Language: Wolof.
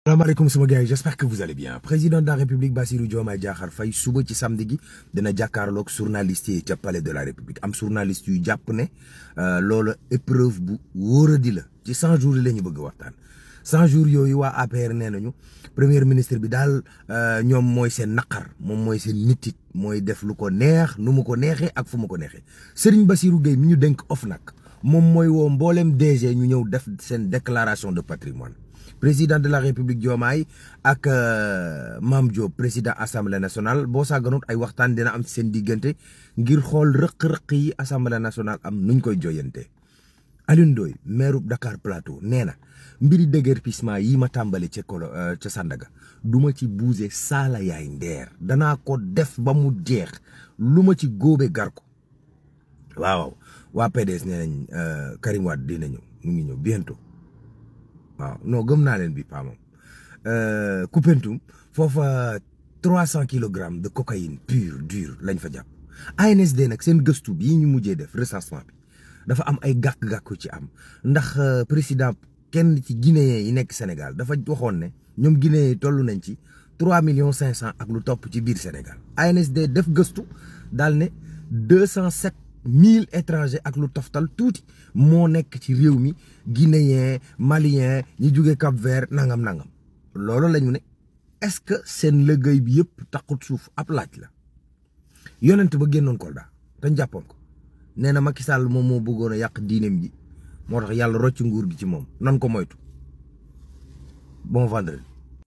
salaamaaleykum suma gars yi j'espère que vous allez bien président de la république Bassirou Diomaye Diakhar Faye suba ci samedi gi dina jàkkaarloog journaliste yi ca palais de la république am journaliste yu jàpp ne euh, loolu épreuve bu wóoradi la ci cent jour la ñu bëgg waxtaan cent jours yooyu waa APR nee nañu premier ministre bi daal euh, ñoom mooy seen naqar moom mooy seen nitit mooy def lu ko neex nu mu ko neexee ak fu mu ko neexee Serigne Bassirou Gueye mi ñu denk dénk nag moom mooy woo mbooleem DG ñu ñëw def seen déclaration de patrimoine président de la république Diomaye ak euh, maam Diop président assemblée national boo saaganoot ay waxtaan dina am seen diggante ngir xool rëq-rëq yi assemblée national am nuñ koy joyante Alioune Ndoye maire Dakar Plateau nee na mbiri déguerpissement yi ma tàmbali ca kolo euh, ca Sandaga du ma ci buuse saala yaay ndeer danaa ko def ba mu jeex lu ma ci góobe garko ko waaw waa PDS nee nañ euh, Karim Wade dina ñëw mu ngi ñëw bientôt waaw noo gëm naa leen bi paa moom euh, Koupentoum foofa trois cent kilogrammes de cocaïne pure dure lañ fa jàpp ANSD nag seen gëstu bii ñu mujjee def recensement bi dafa am ay gàkk-gàkku ci am ndax euh, président kenn ci guinéen yi nekk Sénégal dafa waxoon ne ñoom guinéen yi toll nañ ci trois millions cinq cent ak lu topp ci biir Sénégal ANSD def gëstu daal ne deux mille étrangers ak lu toftal tuuti moo nekk ci réew mi guinéen malien ñi jóge Cap ver nangam nangam loolu la ñu ne est-ce que seen liggéey bi yëpp taxut suuf ab laaj la yonent ba génnoon Kolda dañ jàppoon ko nee na Macky Sall moom moo bëggoon a yàq diineem ji moo tax yàlla rocc nguur gi ci moom nan ko moytu bon vendredi